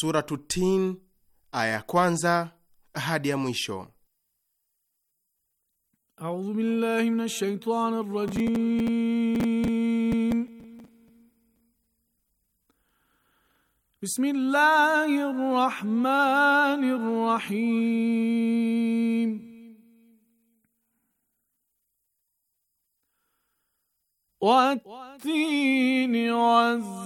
Suratu Tin aya ya kwanza hadi ya mwisho. A'udhu billahi minash shaitanir rajim. Bismillahir rahmanir rahim. Wat-tini waz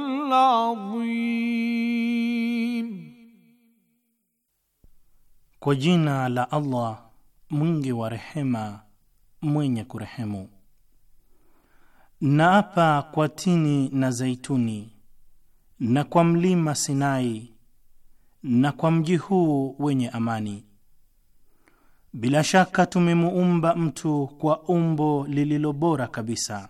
العظيم Kwa jina la Allah mwingi wa rehema mwenye kurehemu. Naapa kwa tini na zaituni na kwa mlima Sinai na kwa mji huu wenye amani. Bila shaka tumemuumba mtu kwa umbo lililo bora kabisa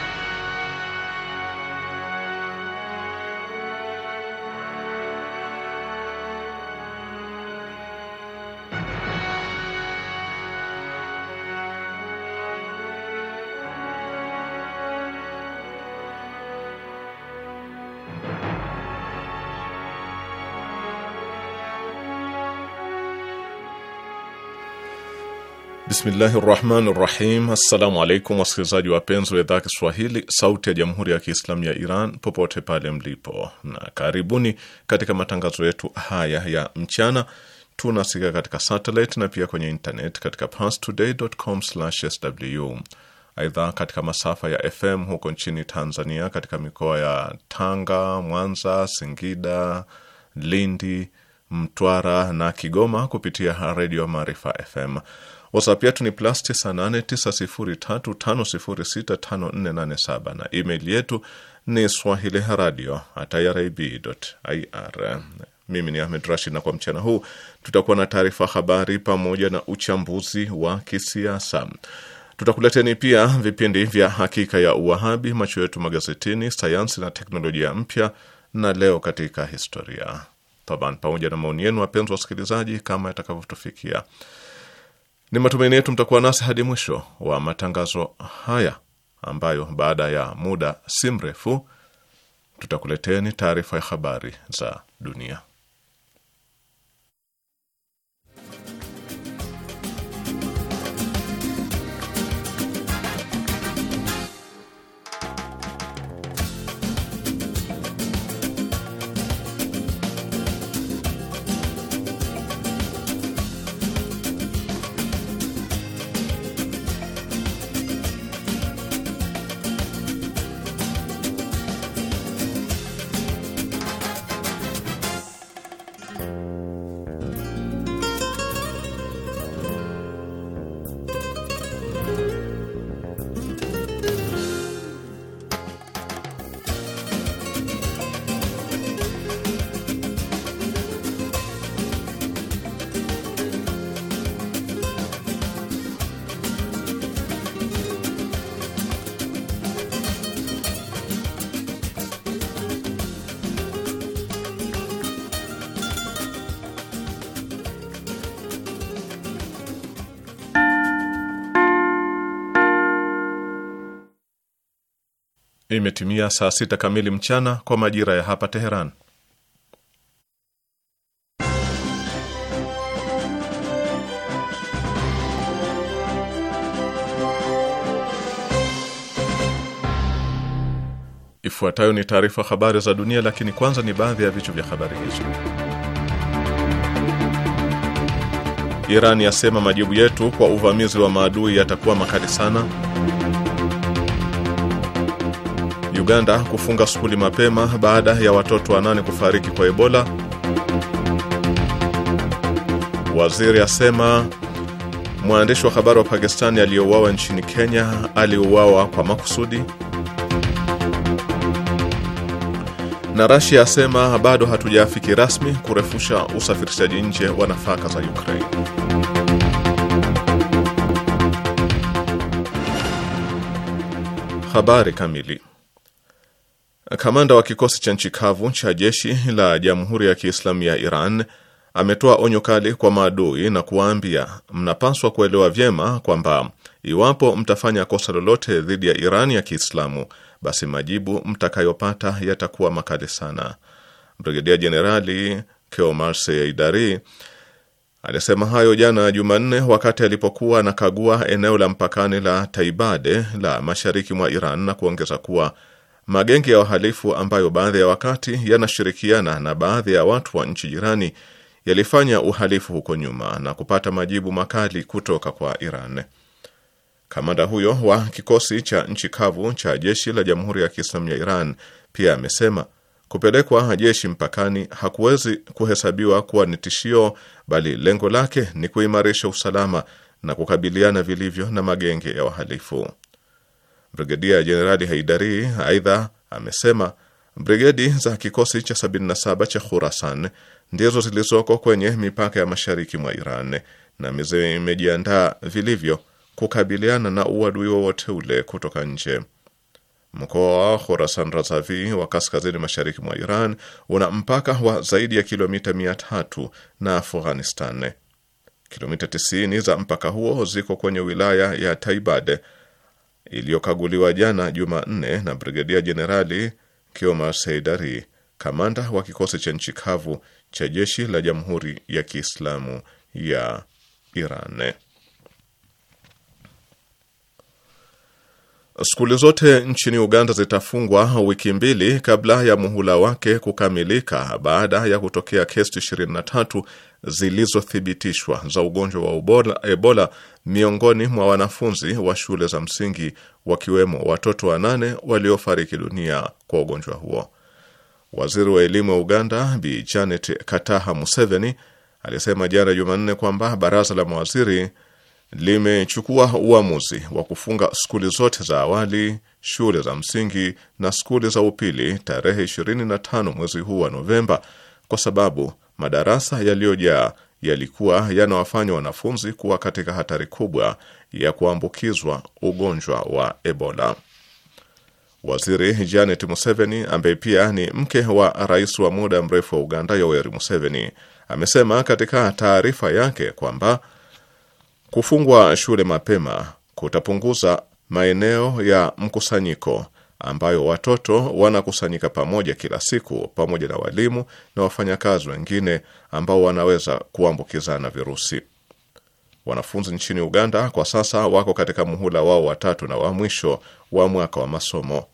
Bismillahi rahmani rahim. Assalamu alaikum wasikilizaji wapenzi wa idhaa ya Kiswahili sauti ya jamhuri ya Kiislamu ya Iran popote pale mlipo, na karibuni katika matangazo yetu haya ya mchana. Tunasikika katika satellite na pia kwenye internet katika parstoday.com/sw. Aidha, katika masafa ya FM huko nchini Tanzania, katika mikoa ya Tanga, Mwanza, Singida, Lindi, Mtwara na Kigoma kupitia redio Maarifa FM. WhatsApp yetu ni plus 989035065487 na email yetu ni swahili radio irib ir. Mimi ni Ahmed Rashid, na kwa mchana huu tutakuwa na taarifa habari pamoja na uchambuzi wa kisiasa. Tutakuleteni pia vipindi vya Hakika ya Uwahabi, Macho yetu Magazetini, Sayansi na Teknolojia Mpya na Leo katika Historia, pamoja na maoni yenu, wapenzi wasikilizaji, kama yatakavyotufikia. Ni matumaini yetu mtakuwa nasi hadi mwisho wa matangazo haya ambayo baada ya muda si mrefu tutakuleteni taarifa ya habari za dunia. imetimia saa sita kamili mchana kwa majira ya hapa Teheran. Ifuatayo ni taarifa habari za dunia, lakini kwanza ni baadhi ya vichwa vya habari hizo. Iran yasema majibu yetu kwa uvamizi wa maadui yatakuwa makali sana. Uganda kufunga skuli mapema baada ya watoto wanane kufariki kwa Ebola. Waziri asema mwandishi wa habari wa Pakistani aliyeuawa nchini Kenya aliuawa kwa makusudi. Na Russia asema bado hatujafiki rasmi kurefusha usafirishaji nje wa nafaka za Ukraine. Habari kamili Kamanda wa kikosi cha nchi kavu cha jeshi la Jamhuri ya Kiislamu ya Iran ametoa onyo kali kwa maadui na kuwaambia, mnapaswa kuelewa vyema kwamba iwapo mtafanya kosa lolote dhidi ya Iran ya Kiislamu, basi majibu mtakayopata yatakuwa makali sana. Brigedia Jenerali Keomar Seidari alisema hayo jana Jumanne wakati alipokuwa anakagua eneo la mpakani la Taibade la mashariki mwa Iran na kuongeza kuwa magenge ya wahalifu ambayo baadhi ya wakati yanashirikiana na baadhi ya watu wa nchi jirani yalifanya uhalifu huko nyuma na kupata majibu makali kutoka kwa Iran. Kamanda huyo wa kikosi cha nchi kavu cha jeshi la Jamhuri ya Kiislamu ya Iran pia amesema kupelekwa jeshi mpakani hakuwezi kuhesabiwa kuwa ni tishio, bali lengo lake ni kuimarisha usalama na kukabiliana vilivyo na magenge ya wahalifu. Brigedia Jenerali Haidari aidha amesema brigedi za kikosi cha 77 cha Khurasan ndizo zilizoko kwenye mipaka ya mashariki mwa Iran na imejiandaa vilivyo kukabiliana na uadui wowote ule kutoka nje. Mkoa wa Khurasan Razavi wa kaskazini mashariki mwa Iran una mpaka wa zaidi ya kilomita 300 na Afghanistan. Kilomita 90 za mpaka huo ziko kwenye wilaya ya Taibad iliyokaguliwa jana Jumanne na Brigedia Jenerali Kioma Seidari, kamanda wa kikosi cha nchi kavu cha jeshi la Jamhuri ya Kiislamu ya Iran. Skuli zote nchini Uganda zitafungwa wiki mbili kabla ya muhula wake kukamilika baada ya kutokea kesi 23 zilizothibitishwa za ugonjwa wa Ebola miongoni mwa wanafunzi wa shule za msingi wakiwemo watoto wanane waliofariki dunia kwa ugonjwa huo. Waziri wa elimu wa Uganda Bi Janet Kataha Museveni alisema jana Jumanne kwamba baraza la mawaziri limechukua uamuzi wa kufunga skuli zote za awali, shule za msingi na skuli za upili tarehe 25 mwezi huu wa Novemba kwa sababu madarasa yaliyojaa yalikuwa yanawafanya wanafunzi kuwa katika hatari kubwa ya kuambukizwa ugonjwa wa Ebola. Waziri Janet Museveni ambaye pia ni mke wa rais wa muda mrefu wa Uganda Yoweri Museveni amesema katika taarifa yake kwamba kufungwa shule mapema kutapunguza maeneo ya mkusanyiko ambayo watoto wanakusanyika pamoja kila siku pamoja na walimu na wafanyakazi wengine ambao wanaweza kuambukizana virusi. Wanafunzi nchini Uganda kwa sasa wako katika muhula wao watatu na wa mwisho wa mwaka wa masomo.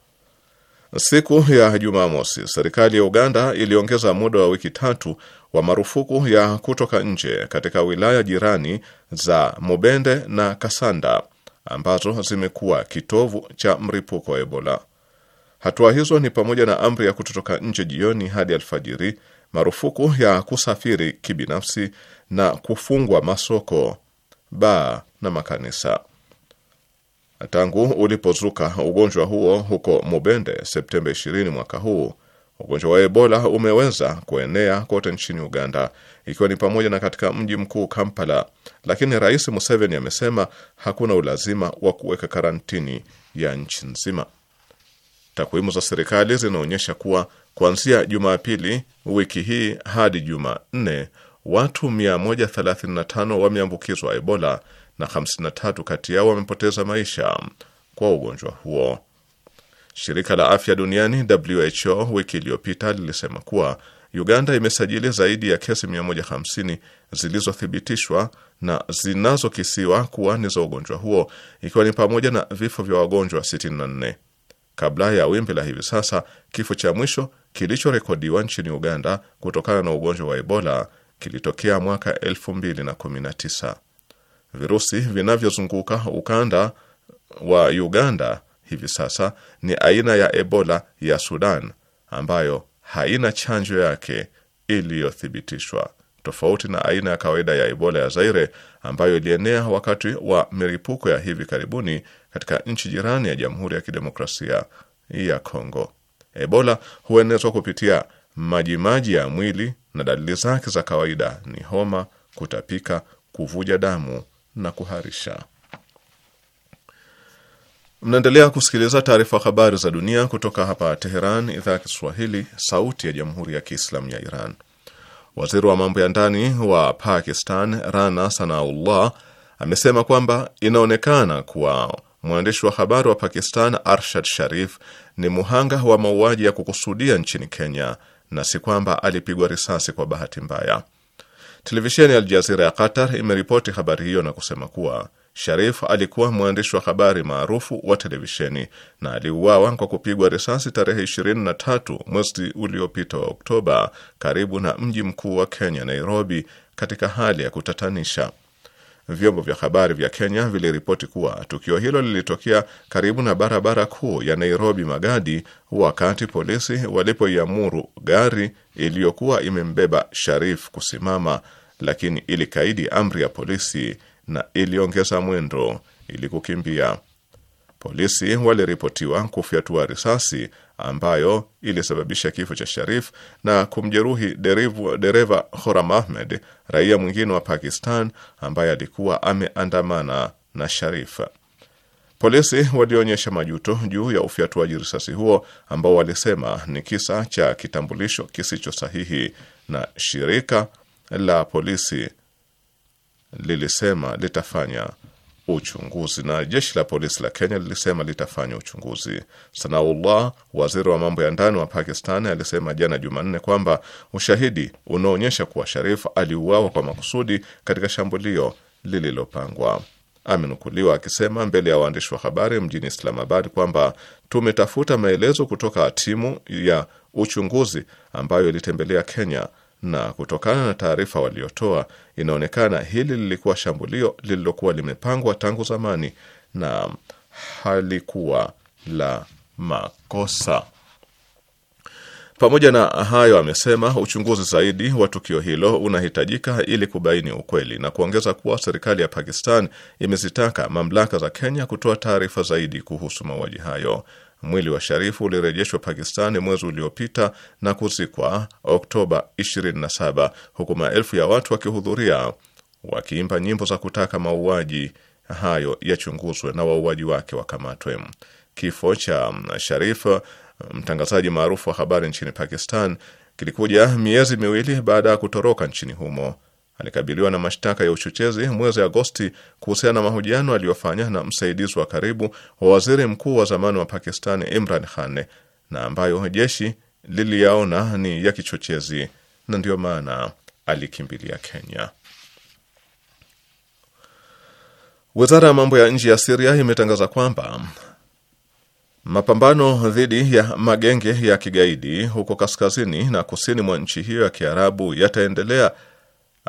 Siku ya Jumamosi, serikali ya Uganda iliongeza muda wa wiki tatu wa marufuku ya kutoka nje katika wilaya jirani za Mubende na Kasanda ambazo zimekuwa kitovu cha mripuko wa Ebola. Hatua hizo ni pamoja na amri ya kutotoka nje jioni hadi alfajiri, marufuku ya kusafiri kibinafsi na kufungwa masoko, baa na makanisa. Tangu ulipozuka ugonjwa huo huko Mubende Septemba 20 mwaka huu, ugonjwa wa Ebola umeweza kuenea kote nchini Uganda, ikiwa ni pamoja na katika mji mkuu Kampala, lakini Rais Museveni amesema hakuna ulazima wa kuweka karantini ya nchi nzima. Takwimu za serikali zinaonyesha kuwa kuanzia Jumapili wiki hii hadi Jumanne watu 135 wameambukizwa Ebola na 53 kati yao wamepoteza maisha kwa ugonjwa huo. Shirika la Afya Duniani WHO wiki iliyopita lilisema kuwa Uganda imesajili zaidi ya kesi 150 zilizothibitishwa na zinazokisiwa kuwa ni za ugonjwa huo, ikiwa ni pamoja na vifo vya wagonjwa 64 kabla ya wimbi la hivi sasa. Kifo cha mwisho kilichorekodiwa nchini Uganda kutokana na ugonjwa wa Ebola kilitokea mwaka 2019. Virusi vinavyozunguka ukanda wa Uganda hivi sasa ni aina ya Ebola ya Sudan ambayo haina chanjo yake iliyothibitishwa, tofauti na aina ya kawaida ya Ebola ya Zaire ambayo ilienea wakati wa milipuko ya hivi karibuni katika nchi jirani ya Jamhuri ya Kidemokrasia ya Kongo. Ebola huenezwa kupitia majimaji ya mwili na dalili zake za kawaida ni homa, kutapika, kuvuja damu na kuharisha. Mnaendelea kusikiliza taarifa habari za dunia kutoka hapa Teheran, idhaa ya Kiswahili, sauti ya Jamhuri ya Kiislamu ya Iran. Waziri wa mambo ya ndani wa Pakistan Rana Sanaullah amesema kwamba inaonekana kuwa mwandishi wa habari wa Pakistan Arshad Sharif ni muhanga wa mauaji ya kukusudia nchini Kenya na si kwamba alipigwa risasi kwa bahati mbaya. Televisheni ya Aljazira ya Qatar imeripoti habari hiyo na kusema kuwa Sharif alikuwa mwandishi wa habari maarufu wa televisheni na aliuawa kwa kupigwa risasi tarehe 23 mwezi uliopita wa Oktoba karibu na mji mkuu wa Kenya, Nairobi, katika hali ya kutatanisha. Vyombo vya habari vya Kenya viliripoti kuwa tukio hilo lilitokea karibu na barabara kuu ya Nairobi Magadi, wakati polisi walipoiamuru gari iliyokuwa imembeba Sharif kusimama, lakini ilikaidi amri ya polisi na iliongeza mwendo ili kukimbia. Polisi waliripotiwa kufyatua risasi ambayo ilisababisha kifo cha Sharif na kumjeruhi dereva Horam Ahmed, raia mwingine wa Pakistan ambaye alikuwa ameandamana na Sharif. Polisi walionyesha majuto juu ya ufyatuaji risasi huo ambao walisema ni kisa cha kitambulisho kisicho sahihi na shirika la polisi lilisema litafanya uchunguzi na jeshi la polisi la Kenya lilisema litafanya uchunguzi. Sanaullah, waziri wa mambo ya ndani wa Pakistan, alisema jana Jumanne kwamba ushahidi unaonyesha kuwa Sharif aliuawa kwa makusudi katika shambulio lililopangwa. Amenukuliwa akisema mbele ya waandishi wa habari mjini Islamabad kwamba tumetafuta maelezo kutoka timu ya uchunguzi ambayo ilitembelea Kenya na kutokana na taarifa waliotoa inaonekana hili lilikuwa shambulio lililokuwa limepangwa tangu zamani na halikuwa la makosa. Pamoja na hayo, amesema uchunguzi zaidi wa tukio hilo unahitajika ili kubaini ukweli na kuongeza kuwa serikali ya Pakistan imezitaka mamlaka za Kenya kutoa taarifa zaidi kuhusu mauaji hayo. Mwili wa Sharifu ulirejeshwa Pakistani mwezi uliopita na kuzikwa Oktoba 27 huku maelfu ya watu wakihudhuria wakiimba nyimbo za kutaka mauaji hayo yachunguzwe na wauaji wake wakamatwe. Kifo cha Sharif, mtangazaji maarufu wa habari nchini Pakistan, kilikuja miezi miwili baada ya kutoroka nchini humo alikabiliwa na mashtaka ya uchochezi mwezi Agosti kuhusiana na mahojiano aliyofanya na msaidizi wa karibu wa waziri mkuu wa zamani wa Pakistani Imran Khan, na ambayo jeshi liliyaona ni ya kichochezi na ndiyo maana alikimbilia Kenya. Wizara ya mambo ya nje ya Siria imetangaza kwamba mapambano dhidi ya magenge ya kigaidi huko kaskazini na kusini mwa nchi hiyo ya Kiarabu yataendelea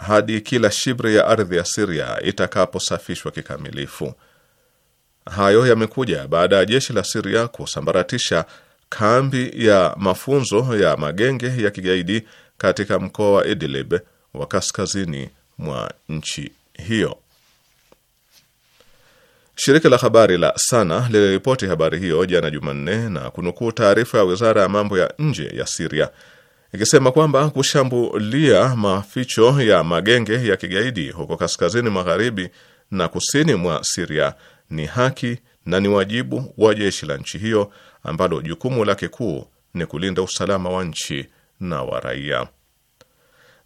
hadi kila shibri ya ardhi ya Siria itakaposafishwa kikamilifu. Hayo yamekuja baada ya jeshi la Siria kusambaratisha kambi ya mafunzo ya magenge ya kigaidi katika mkoa wa Idlib wa kaskazini mwa nchi hiyo. Shirika la habari la Sana liliripoti habari hiyo jana Jumanne na kunukuu taarifa ya wizara ya mambo ya nje ya Siria ikisema kwamba kushambulia maficho ya magenge ya kigaidi huko kaskazini magharibi na kusini mwa Siria ni haki na ni wajibu wa jeshi la nchi hiyo ambalo jukumu lake kuu ni kulinda usalama wa nchi na wa raia.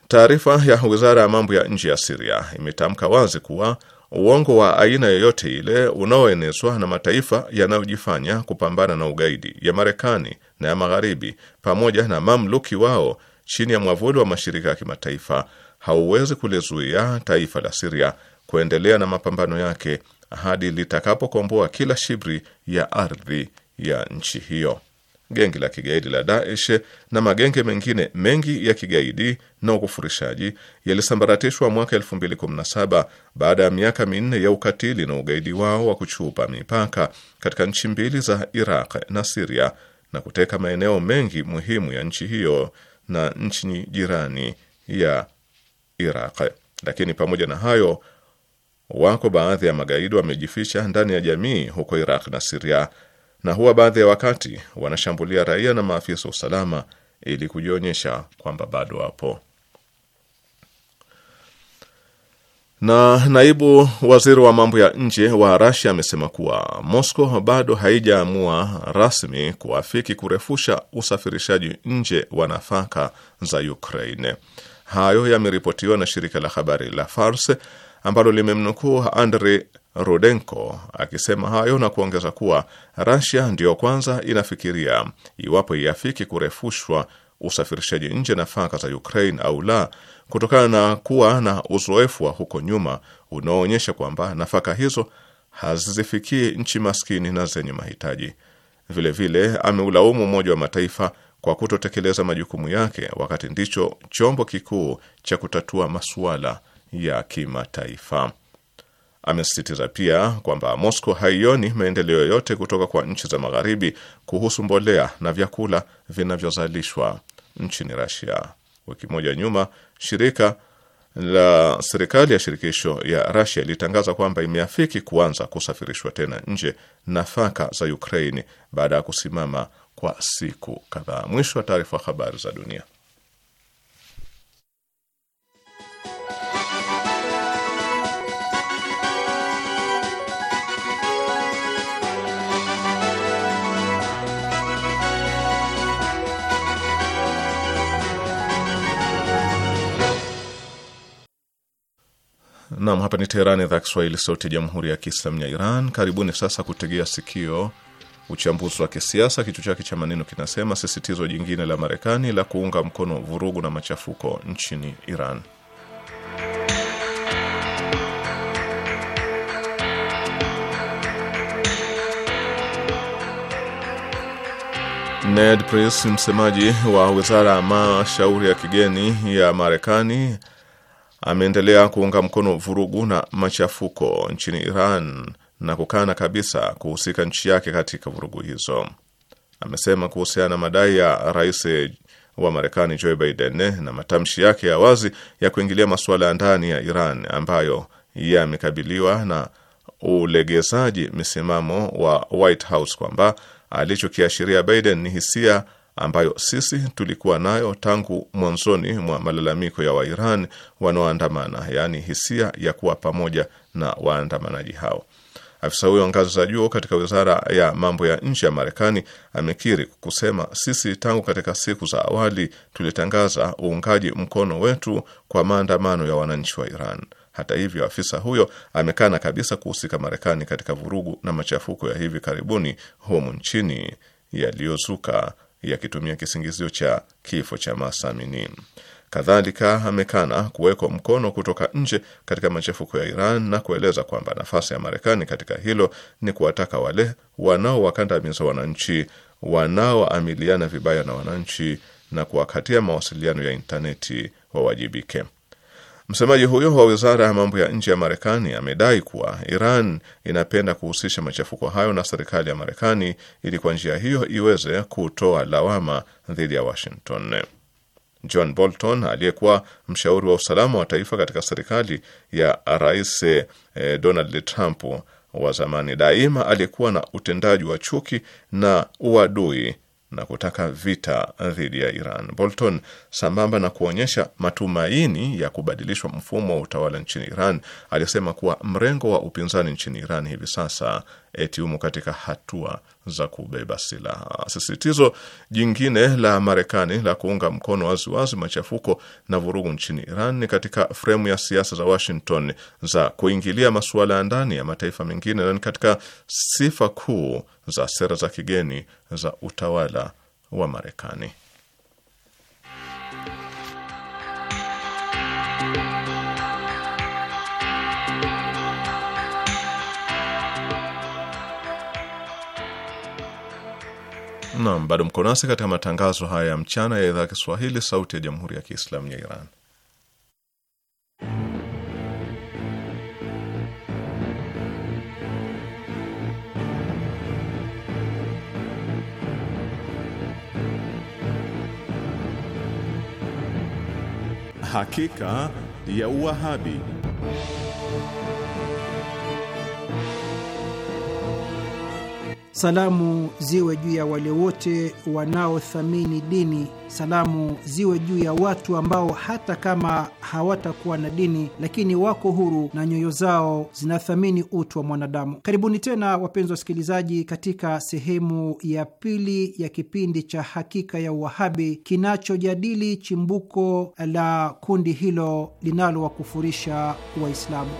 Taarifa ya wizara ya mambo ya nje ya Siria imetamka wazi kuwa uongo wa aina yoyote ile unaoenezwa na mataifa yanayojifanya kupambana na ugaidi ya Marekani na ya Magharibi pamoja na mamluki wao chini ya mwavuli wa mashirika ya kimataifa hauwezi kulizuia taifa la Siria kuendelea na mapambano yake hadi litakapokomboa kila shibri ya ardhi ya nchi hiyo genge la kigaidi la Daesh na magenge mengine mengi ya kigaidi na ukufurishaji yalisambaratishwa mwaka 2017 baada ya miaka minne ya ukatili na ugaidi wao wa kuchupa mipaka katika nchi mbili za Iraq na Siria na kuteka maeneo mengi muhimu ya nchi hiyo na nchi jirani ya Iraq. Lakini pamoja na hayo, wako baadhi ya magaidi wamejificha ndani ya jamii huko Iraq na Siria na huwa baadhi ya wakati wanashambulia raia na maafisa wa usalama ili kujionyesha kwamba bado wapo. Na naibu waziri wa mambo ya nje wa Rasia amesema kuwa Moscow bado haijaamua rasmi kuafiki kurefusha usafirishaji nje wa nafaka za Ukraine. Hayo yameripotiwa na shirika la habari la Fars ambalo limemnukuu Andrei Rudenko akisema hayo na kuongeza kuwa Russia ndiyo kwanza inafikiria iwapo iafiki kurefushwa usafirishaji nje nafaka za Ukraine au la, kutokana na kuwa na uzoefu wa huko nyuma unaoonyesha kwamba nafaka hizo hazizifikii nchi maskini na zenye mahitaji. Vilevile ameulaumu Umoja wa Mataifa kwa kutotekeleza majukumu yake, wakati ndicho chombo kikuu cha kutatua masuala ya kimataifa. Amesisitiza pia kwamba Moscow haioni maendeleo yoyote kutoka kwa nchi za magharibi kuhusu mbolea na vyakula vinavyozalishwa nchini Russia. Wiki moja nyuma, shirika la serikali ya shirikisho ya Russia ilitangaza kwamba imeafiki kuanza kusafirishwa tena nje nafaka za Ukraine baada ya kusimama kwa siku kadhaa. Mwisho wa taarifa. Habari za dunia. Naam, hapa ni Teherani, idhaa Kiswahili, sauti ya jamhuri ya kiislamu ya Iran. Karibuni sasa kutegea sikio uchambuzi wa kisiasa. Kichwa chake cha maneno kinasema sisitizo jingine la Marekani la kuunga mkono vurugu na machafuko nchini Iran. Ned Price, msemaji wa wizara ya mashauri ya kigeni ya Marekani, ameendelea kuunga mkono vurugu na machafuko nchini Iran na kukana kabisa kuhusika nchi yake katika vurugu hizo. Amesema kuhusiana na madai ya rais wa Marekani Joe Biden na matamshi yake ya wazi ya kuingilia masuala ya ndani ya Iran ambayo yamekabiliwa na ulegezaji misimamo wa White House kwamba alichokiashiria Biden ni hisia ambayo sisi tulikuwa nayo tangu mwanzoni mwa malalamiko ya Wairan wanaoandamana, yaani hisia ya kuwa pamoja na waandamanaji hao. Afisa huyo ngazi za juu katika wizara ya mambo ya nje ya Marekani amekiri kusema, sisi tangu katika siku za awali tulitangaza uungaji mkono wetu kwa maandamano ya wananchi wa Iran. Hata hivyo, afisa huyo amekana kabisa kuhusika Marekani katika vurugu na machafuko ya hivi karibuni humu nchini yaliyozuka yakitumia kisingizio cha kifo cha Masamini. Kadhalika amekana kuwekwa mkono kutoka nje katika machafuko ya Iran na kueleza kwamba nafasi ya Marekani katika hilo ni kuwataka wale wanaowakandamiza wananchi, wanaoamiliana vibaya na wananchi na kuwakatia mawasiliano ya intaneti wawajibike. Msemaji huyo wa wizara ya mambo ya nje ya Marekani amedai kuwa Iran inapenda kuhusisha machafuko hayo na serikali ya Marekani ili kwa njia hiyo iweze kutoa lawama dhidi ya Washington. John Bolton aliyekuwa mshauri wa usalama wa taifa katika serikali ya Rais eh, Donald Trump wa zamani, daima aliyekuwa na utendaji wa chuki na uadui na kutaka vita dhidi ya Iran. Bolton, sambamba na kuonyesha matumaini ya kubadilishwa mfumo wa utawala nchini Iran, alisema kuwa mrengo wa upinzani nchini Iran hivi sasa eti umo katika hatua za kubeba silaha. Sisitizo jingine la Marekani la kuunga mkono waziwazi machafuko na vurugu nchini Iran ni katika fremu ya siasa za Washington za kuingilia masuala ya ndani ya mataifa mengine na ni katika sifa kuu za sera za kigeni za utawala wa Marekani. Naam, bado mko nasi katika matangazo haya ya mchana ya idhaa Kiswahili, Sauti ya Jamhuri ya Kiislamu ya Iran. Hakika ya Uwahabi. Salamu ziwe juu ya wale wote wanaothamini dini. Salamu ziwe juu ya watu ambao hata kama hawatakuwa na dini, lakini wako huru na nyoyo zao zinathamini utu wa mwanadamu. Karibuni tena wapenzi wasikilizaji, katika sehemu ya pili ya kipindi cha Hakika ya Uwahabi kinachojadili chimbuko la kundi hilo linalowakufurisha Waislamu.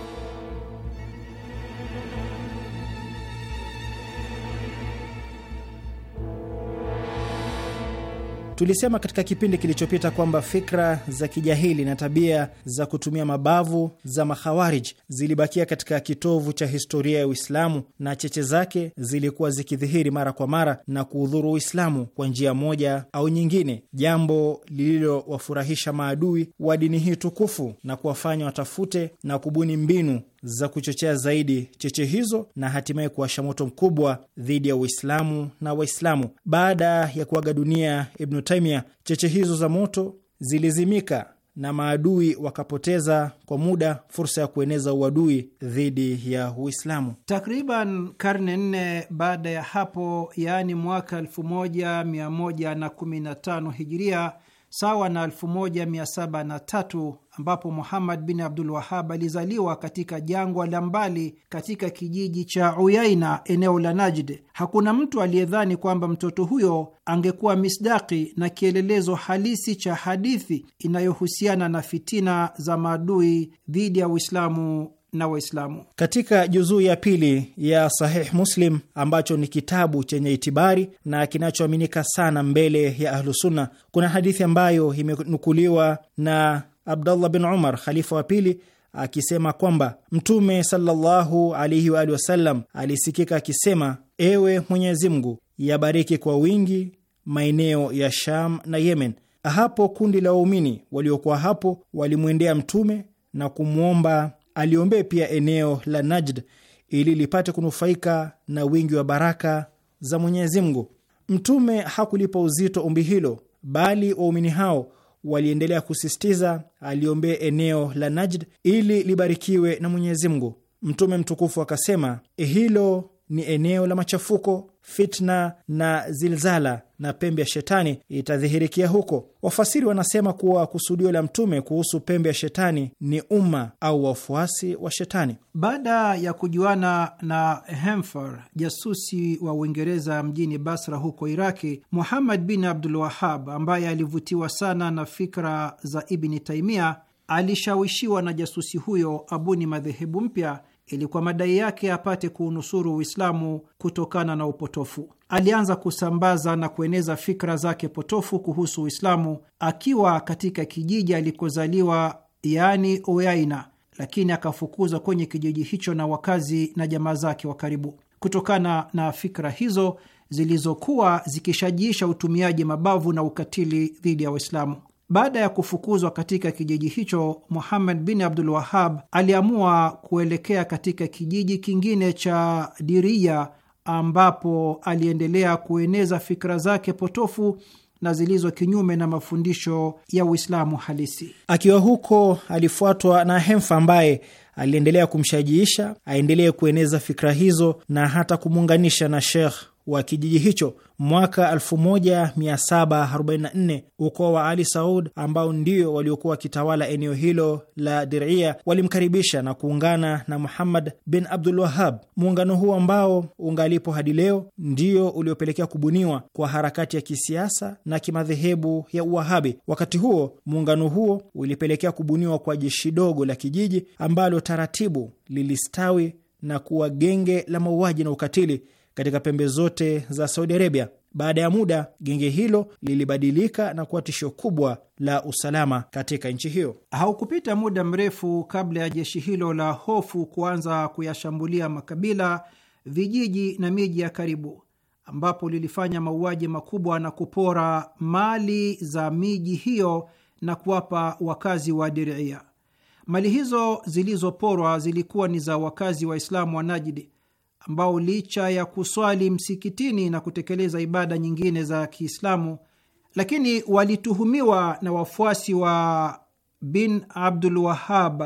Tulisema katika kipindi kilichopita kwamba fikra za kijahili na tabia za kutumia mabavu za Makhawarij zilibakia katika kitovu cha historia ya Uislamu na cheche zake zilikuwa zikidhihiri mara kwa mara na kuudhuru Uislamu kwa njia moja au nyingine, jambo lililowafurahisha maadui wa dini hii tukufu na kuwafanya watafute na kubuni mbinu za kuchochea zaidi cheche hizo na hatimaye kuwasha moto mkubwa dhidi ya Uislamu na Waislamu. Baada ya kuaga dunia Ibnu Taimia, cheche hizo za moto zilizimika na maadui wakapoteza kwa muda fursa ya kueneza uadui dhidi ya Uislamu. Takriban karne nne baada ya hapo, yaani mwaka 1115 hijiria sawa na 1703 ambapo Muhammad bin Abdul Wahab alizaliwa katika jangwa la mbali katika kijiji cha Uyaina, eneo la Najd. Hakuna mtu aliyedhani kwamba mtoto huyo angekuwa misdaki na kielelezo halisi cha hadithi inayohusiana na fitina za maadui dhidi ya Uislamu na Waislamu. Katika juzuu ya pili ya Sahih Muslim, ambacho ni kitabu chenye itibari na kinachoaminika sana mbele ya Ahlusunna, kuna hadithi ambayo imenukuliwa na Abdullah bin Umar, khalifa wa pili, akisema kwamba Mtume sallallahu alaihi wa alihi wasallam alisikika akisema: ewe Mwenyezi Mungu, yabariki kwa wingi maeneo ya Sham na Yemen. Hapo kundi la waumini waliokuwa hapo walimwendea Mtume na kumwomba aliombee pia eneo la Najd ili lipate kunufaika na wingi wa baraka za Mwenyezi Mungu. Mtume hakulipa uzito ombi hilo, bali waumini hao waliendelea kusisitiza aliombee eneo la Najd ili libarikiwe na Mwenyezi Mungu. Mtume mtukufu akasema, hilo ni eneo la machafuko fitna na zilzala na pembe ya shetani itadhihirikia huko. Wafasiri wanasema kuwa kusudio la Mtume kuhusu pembe ya shetani ni umma au wafuasi wa shetani. Baada ya kujuana na Hemfer, jasusi wa Uingereza mjini Basra huko Iraki, Muhammad bin Abdul Wahab ambaye alivutiwa sana na fikra za Ibni Taimia alishawishiwa na jasusi huyo abuni madhehebu mpya ili kwa madai yake apate kuunusuru Uislamu kutokana na upotofu. Alianza kusambaza na kueneza fikra zake potofu kuhusu Uislamu akiwa katika kijiji alikozaliwa, yaani Oyaina, lakini akafukuzwa kwenye kijiji hicho na wakazi na jamaa zake wa karibu kutokana na fikra hizo zilizokuwa zikishajiisha utumiaji mabavu na ukatili dhidi ya Waislamu. Baada ya kufukuzwa katika kijiji hicho, Muhammad bin Abdul Wahab aliamua kuelekea katika kijiji kingine cha Diria ambapo aliendelea kueneza fikra zake potofu na zilizo kinyume na mafundisho ya Uislamu halisi. Akiwa huko, alifuatwa na Hemfa ambaye aliendelea kumshajiisha aendelee kueneza fikra hizo na hata kumuunganisha na Sheikh wa kijiji hicho. Mwaka 1744 ukoo wa Ali Saud ambao ndio waliokuwa wakitawala eneo hilo la Diria walimkaribisha na kuungana na Muhammad bin Abdul Wahab. Muungano huu ambao ungalipo hadi leo ndio uliopelekea kubuniwa kwa harakati ya kisiasa na kimadhehebu ya Uwahabi. Wakati huo muungano huo ulipelekea kubuniwa kwa jeshi dogo la kijiji ambalo taratibu lilistawi na kuwa genge la mauaji na ukatili katika pembe zote za Saudi Arabia. Baada ya muda, genge hilo lilibadilika na kuwa tisho kubwa la usalama katika nchi hiyo. Haukupita muda mrefu kabla ya jeshi hilo la hofu kuanza kuyashambulia makabila, vijiji na miji ya karibu, ambapo lilifanya mauaji makubwa na kupora mali za miji hiyo na kuwapa wakazi wa Diria. Mali hizo zilizoporwa zilikuwa ni za wakazi Waislamu wa Najdi ambao licha ya kuswali msikitini na kutekeleza ibada nyingine za Kiislamu, lakini walituhumiwa na wafuasi wa bin Abdul Wahab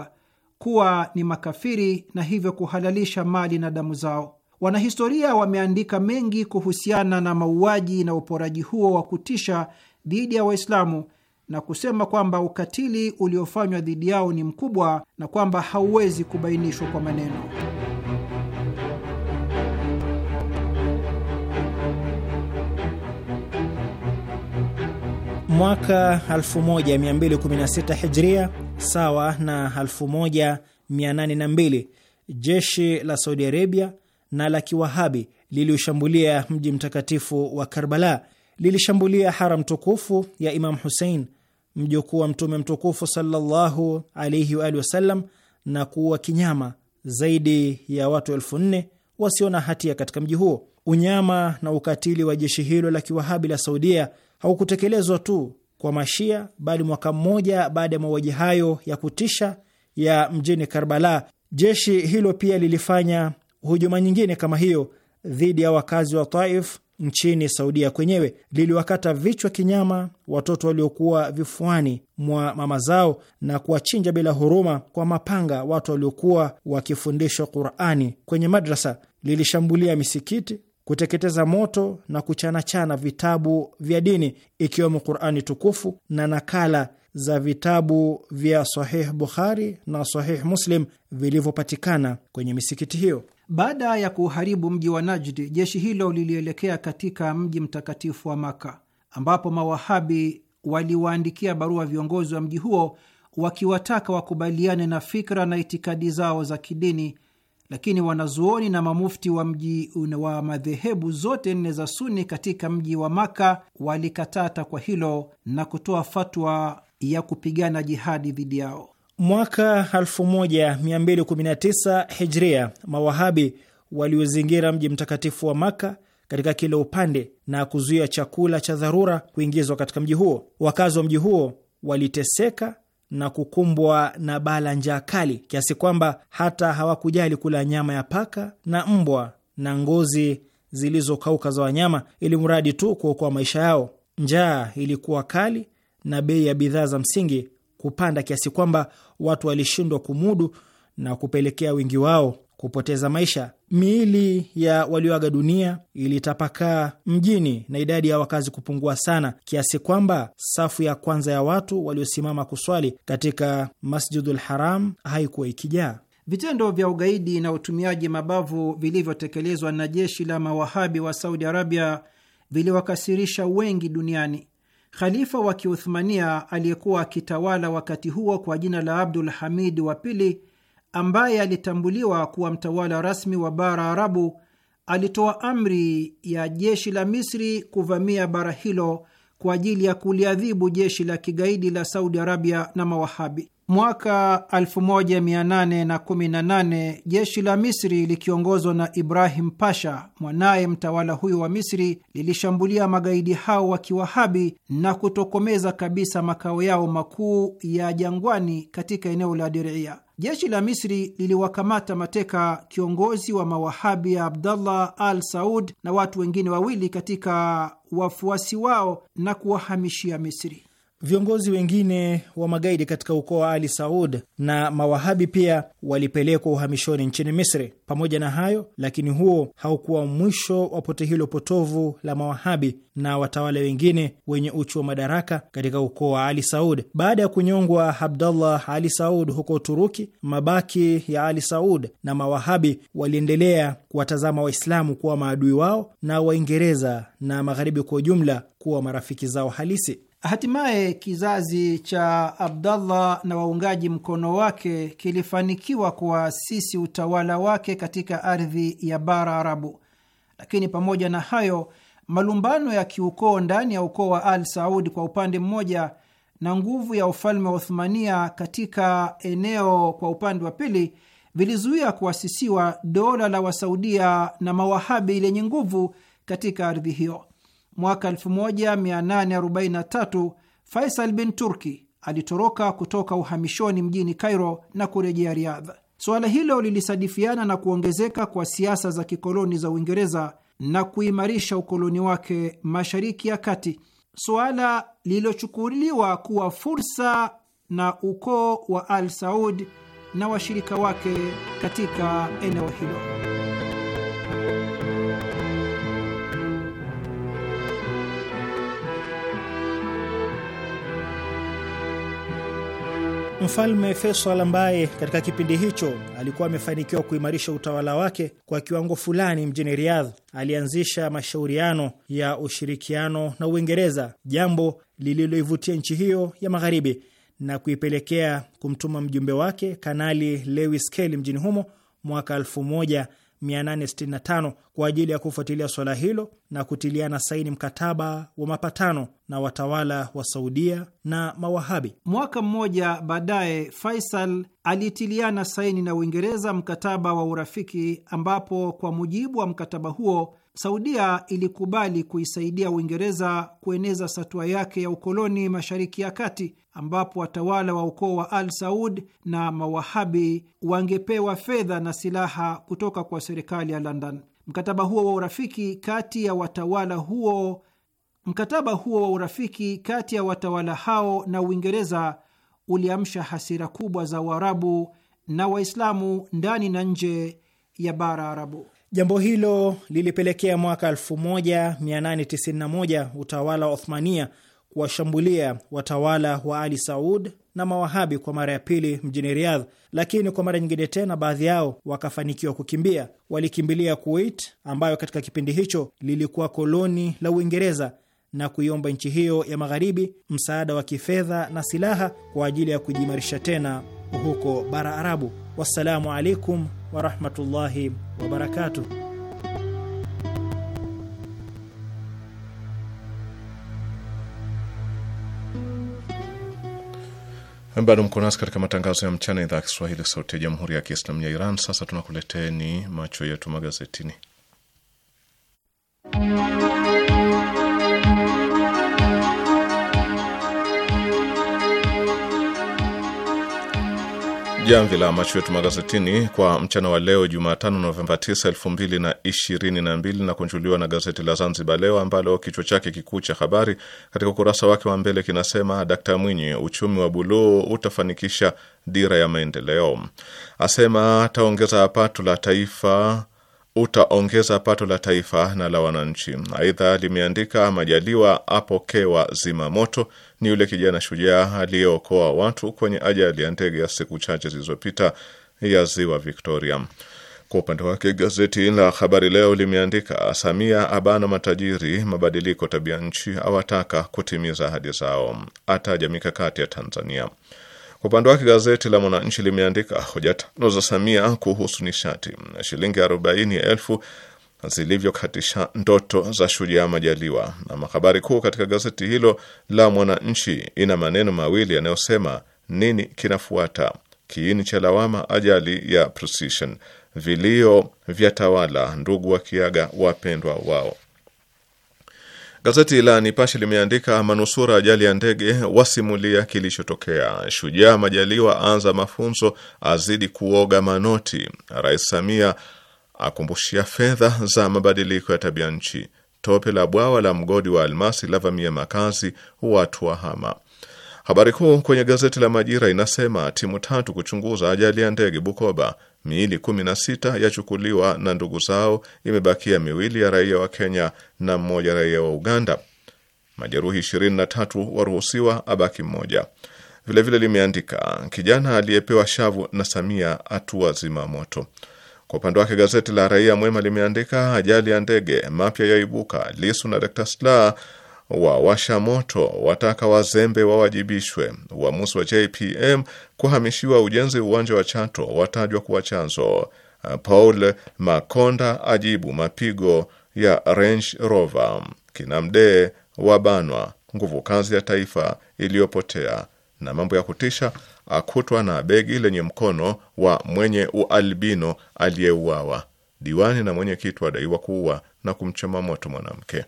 kuwa ni makafiri na hivyo kuhalalisha mali na damu zao. Wanahistoria wameandika mengi kuhusiana na mauaji na uporaji huo wa kutisha dhidi ya Waislamu na kusema kwamba ukatili uliofanywa dhidi yao ni mkubwa na kwamba hauwezi kubainishwa kwa maneno. mwaka 1216 Hijria, sawa na 1802, jeshi la Saudi Arabia na la Kiwahabi liliushambulia mji mtakatifu wa Karbala. Lilishambulia haram tukufu ya Imam Husein, mjukuu wa Mtume mtukufu sallallahu alaihi wa alihi wasallam, na kuua kinyama zaidi ya watu elfu nne wasio na hatia katika mji huo. Unyama na ukatili wa jeshi hilo la Kiwahabi la Saudia haukutekelezwa tu kwa Mashia, bali mwaka mmoja baada ya mauaji hayo ya kutisha ya mjini Karbala, jeshi hilo pia lilifanya hujuma nyingine kama hiyo dhidi ya wakazi wa Taif nchini Saudia kwenyewe. Liliwakata vichwa kinyama watoto waliokuwa vifuani mwa mama zao na kuwachinja bila huruma kwa mapanga watu waliokuwa wakifundishwa Qurani kwenye madrasa. Lilishambulia misikiti kuteketeza moto na kuchanachana vitabu vya dini ikiwemo Qurani tukufu na nakala za vitabu vya Sahih Bukhari na Sahih Muslim vilivyopatikana kwenye misikiti hiyo. Baada ya kuuharibu mji wa Najdi, jeshi hilo lilielekea katika mji mtakatifu wa Maka ambapo mawahabi waliwaandikia barua viongozi wa mji huo wakiwataka wakubaliane na fikra na itikadi zao za kidini lakini wanazuoni na mamufti wa mji wa madhehebu zote nne za Suni katika mji wa Maka walikataa takwa hilo na kutoa fatwa ya kupigana jihadi dhidi yao. Mwaka 1219 Hijria, Mawahabi waliozingira mji mtakatifu wa Maka katika kila upande na kuzuia chakula cha dharura kuingizwa katika mji huo. Wakazi wa mji huo waliteseka na kukumbwa na bala njaa kali kiasi kwamba hata hawakujali kula nyama ya paka na mbwa na ngozi zilizokauka za wanyama, ili mradi tu kuokoa maisha yao. Njaa ilikuwa kali na bei ya bidhaa za msingi kupanda kiasi kwamba watu walishindwa kumudu na kupelekea wengi wao kupoteza maisha. Miili ya walioaga dunia ilitapakaa mjini na idadi ya wakazi kupungua sana kiasi kwamba safu ya kwanza ya watu waliosimama kuswali katika Masjidul Haram haikuwa ikijaa. Vitendo vya ugaidi na utumiaji mabavu vilivyotekelezwa na jeshi la mawahabi wa Saudi Arabia viliwakasirisha wengi duniani. Khalifa wa Kiuthmania aliyekuwa akitawala wakati huo kwa jina la Abdul Hamid wa pili ambaye alitambuliwa kuwa mtawala rasmi wa bara Arabu, alitoa amri ya jeshi la Misri kuvamia bara hilo kwa ajili ya kuliadhibu jeshi la kigaidi la Saudi Arabia na Mawahabi. Mwaka 1818 jeshi la Misri likiongozwa na Ibrahim Pasha, mwanaye mtawala huyo wa Misri, lilishambulia magaidi hao wa kiwahabi na kutokomeza kabisa makao yao makuu ya jangwani katika eneo la Diria jeshi la Misri liliwakamata mateka kiongozi wa mawahabi ya Abdallah al Saud na watu wengine wawili katika wafuasi wao na kuwahamishia Misri. Viongozi wengine wa magaidi katika ukoo wa Ali Saud na mawahabi pia walipelekwa uhamishoni nchini Misri. Pamoja na hayo lakini, huo haukuwa mwisho wa pote hilo potovu la mawahabi na watawala wengine wenye uchu wa madaraka katika ukoo wa Ali Saud. Baada ya kunyongwa abdullah Ali Saud huko Uturuki, mabaki ya Ali Saud na mawahabi waliendelea kuwatazama Waislamu kuwa maadui wao na Waingereza na Magharibi kwa ujumla kuwa marafiki zao halisi. Hatimaye kizazi cha Abdallah na waungaji mkono wake kilifanikiwa kuwaasisi utawala wake katika ardhi ya bara Arabu, lakini pamoja na hayo malumbano ya kiukoo ndani ya ukoo wa Al Saud kwa upande mmoja na nguvu ya ufalme wa Uthmania katika eneo kwa upande wa pili vilizuia kuasisiwa dola la Wasaudia na Mawahabi lenye nguvu katika ardhi hiyo mwaka 1843 Faisal bin Turki alitoroka kutoka uhamishoni mjini Cairo na kurejea Riadha. Suala hilo lilisadifiana na kuongezeka kwa siasa za kikoloni za Uingereza na kuimarisha ukoloni wake Mashariki ya Kati, suala lililochukuliwa kuwa fursa na ukoo wa Al Saud na washirika wake katika eneo hilo. Mfalme Faisal ambaye katika kipindi hicho alikuwa amefanikiwa kuimarisha utawala wake kwa kiwango fulani mjini Riyadh, alianzisha mashauriano ya ushirikiano na Uingereza, jambo lililoivutia nchi hiyo ya magharibi na kuipelekea kumtuma mjumbe wake Kanali Lewis Kelly mjini humo mwaka 1865 kwa ajili ya kufuatilia swala hilo na kutiliana saini mkataba wa mapatano na watawala wa Saudia na Mawahabi. Mwaka mmoja baadaye, Faisal alitiliana saini na Uingereza mkataba wa urafiki, ambapo kwa mujibu wa mkataba huo Saudia ilikubali kuisaidia Uingereza kueneza satua yake ya ukoloni Mashariki ya Kati, ambapo watawala wa ukoo wa Al Saud na Mawahabi wangepewa fedha na silaha kutoka kwa serikali ya London. Mkataba huo wa urafiki kati ya watawala huo mkataba huo wa urafiki kati ya watawala hao na Uingereza uliamsha hasira kubwa za Waarabu na Waislamu ndani na nje ya bara Arabu. Jambo hilo lilipelekea mwaka 1891 utawala wa Othmania kuwashambulia watawala wa Ali Saud na mawahabi kwa mara ya pili mjini Riyadh, lakini kwa mara nyingine tena baadhi yao wakafanikiwa kukimbia. Walikimbilia Kuwait ambayo katika kipindi hicho lilikuwa koloni la Uingereza na kuiomba nchi hiyo ya magharibi msaada wa kifedha na silaha kwa ajili ya kujiimarisha tena huko bara Arabu. Wassalamu alaikum warahmatullahi wabarakatuh. Bado mko nasi katika matangazo ya mchana, idhaa ya Kiswahili, sauti ya jamhuri ya kiislamu ya Iran. Sasa tunakuleteni macho yetu magazetini. jamvi la macho yetu magazetini kwa mchana wa leo Jumatano Novemba 9, 2022 na kunjuliwa na gazeti la Zanzibar Leo ambalo kichwa chake kikuu cha habari katika ukurasa wake wa mbele kinasema Dkt Mwinyi, uchumi wa buluu utafanikisha dira ya maendeleo, asema ataongeza pato la taifa utaongeza pato la taifa na la wananchi. Aidha limeandika Majaliwa apokewa zima moto, ni yule kijana shujaa aliyeokoa watu kwenye ajali ya ndege ya siku chache zilizopita ya ziwa Victoria. Kwa upande wake gazeti la Habari Leo limeandika Samia abana matajiri mabadiliko tabia nchi, awataka kutimiza ahadi zao, ataja mikakati ya Tanzania. Kwa upande wake gazeti la Mwananchi limeandika hoja tano za Samia kuhusu nishati, shilingi arobaini elfu zilivyokatisha ndoto za shujaa Majaliwa. Na mahabari kuu katika gazeti hilo la Mwananchi ina maneno mawili yanayosema nini kinafuata, kiini cha lawama ajali ya Precision, vilio vya tawala, ndugu wakiaga wapendwa wao. Gazeti la Nipashe limeandika manusura ajali ya ndege wasimulia kilichotokea. Shujaa Majaliwa anza mafunzo, azidi kuoga manoti. Rais Samia akumbushia fedha za mabadiliko ya tabia nchi. Tope la bwawa la mgodi wa almasi lavamia makazi, watu wahama. Habari kuu kwenye gazeti la Majira inasema timu tatu kuchunguza ajali ya ndege Bukoba miili kumi na sita yachukuliwa na ndugu zao, imebakia miwili ya raia wa Kenya na mmoja raia wa Uganda. Majeruhi 23 waruhusiwa abaki mmoja. Vilevile limeandika kijana aliyepewa shavu na Samia atua zima moto. Kwa upande wake gazeti la Raia Mwema limeandika ajali ya ndege mapya yaibuka, Lisu na Dr. Slaa wawasha moto wataka wazembe wawajibishwe. Uamuzi wa JPM kuhamishiwa ujenzi uwanja wa Chato watajwa kuwa chanzo. Uh, Paul Makonda ajibu mapigo ya Range Rover. Kinamdee wabanwa nguvu kazi ya taifa iliyopotea, na mambo ya kutisha akutwa na begi lenye mkono wa mwenye ualbino aliyeuawa. Diwani na mwenyekiti wadaiwa kuua na kumchoma moto mwanamke.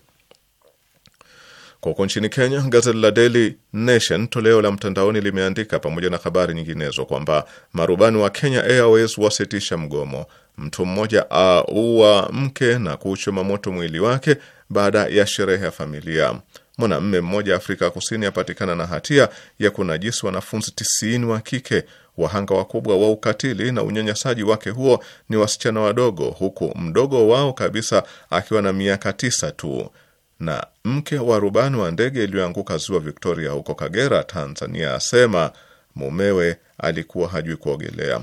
Kwa huko nchini Kenya, gazeti la Daily Nation toleo la mtandaoni limeandika pamoja na habari nyinginezo kwamba marubani wa Kenya Airways wasitisha mgomo, mtu mmoja aua mke na kuchoma moto mwili wake baada ya sherehe ya familia. Mwanamume mmoja Afrika Kusini apatikana na hatia ya kunajisi wanafunzi tisini wa kike. Wahanga wakubwa wa ukatili na unyanyasaji wake huo ni wasichana wadogo, huku mdogo wao kabisa akiwa na miaka tisa tu na mke wa rubani wa ndege iliyoanguka ziwa Victoria huko Kagera, Tanzania, asema mumewe alikuwa hajui kuogelea.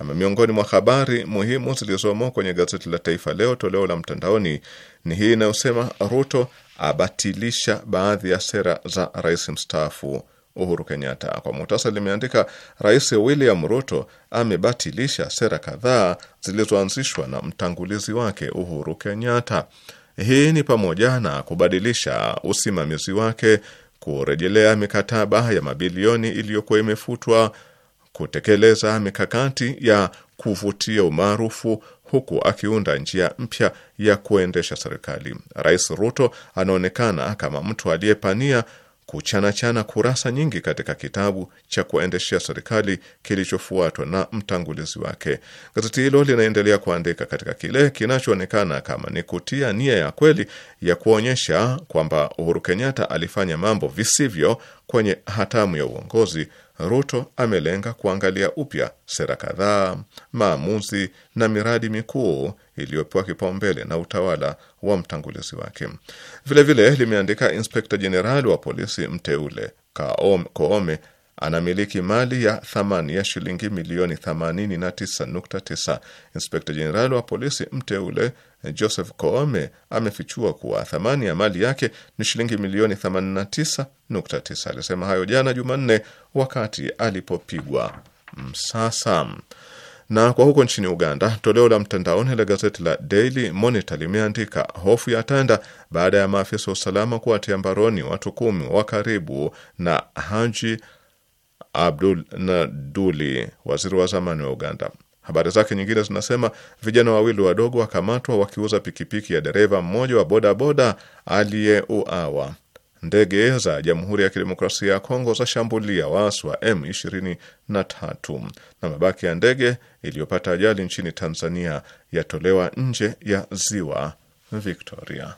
Ama miongoni mwa habari muhimu zilizomo kwenye gazeti la Taifa Leo toleo la mtandaoni ni hii inayosema Ruto abatilisha baadhi ya sera za rais mstaafu Uhuru Kenyatta. Kwa muhtasari, limeandika Rais William Ruto amebatilisha sera kadhaa zilizoanzishwa na mtangulizi wake Uhuru Kenyatta. Hii ni pamoja na kubadilisha usimamizi wake, kurejelea mikataba ya mabilioni iliyokuwa imefutwa, kutekeleza mikakati ya kuvutia umaarufu huku akiunda njia mpya ya kuendesha serikali. Rais Ruto anaonekana kama mtu aliyepania kuchanachana kurasa nyingi katika kitabu cha kuendeshea serikali kilichofuatwa na mtangulizi wake. Gazeti hilo linaendelea kuandika katika kile kinachoonekana kama ni kutia nia ya kweli ya kuonyesha kwamba Uhuru Kenyatta alifanya mambo visivyo kwenye hatamu ya uongozi Ruto amelenga kuangalia upya sera kadhaa, maamuzi na miradi mikuu iliyopewa kipaumbele na utawala wa mtangulizi wake. Vilevile limeandika Inspekta Jenerali wa polisi mteule Koome anamiliki mali ya thamani ya shilingi milioni 89.9. Inspekta Jenerali wa polisi mteule eh, Joseph Koome amefichua kuwa thamani ya mali yake ni shilingi milioni 89.9. Alisema hayo jana Jumanne wakati alipopigwa msasa. Na kwa huko nchini Uganda, toleo la mtandaoni la gazeti la Daily Monitor limeandika hofu ya tanda baada ya maafisa wa usalama kuwatia mbaroni watu kumi wa karibu na Haji Abdul Naduli, waziri wa zamani wa Uganda. Habari zake nyingine zinasema vijana wawili wadogo wakamatwa wakiuza pikipiki ya dereva mmoja wa bodaboda aliyeuawa. Ndege za Jamhuri ya Kidemokrasia ya Kongo za shambulia waasi wa M23 na mabaki ya ndege iliyopata ajali nchini Tanzania yatolewa nje ya ziwa Victoria.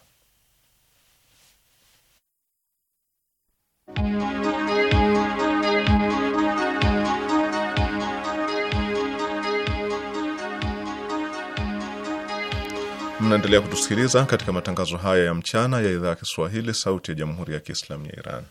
mnaendelea kutusikiliza katika matangazo haya ya mchana ya idhaa ya Kiswahili, sauti ya jamhuri ya kiislamu ya Iran.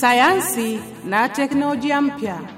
Sayansi na teknolojia mpya.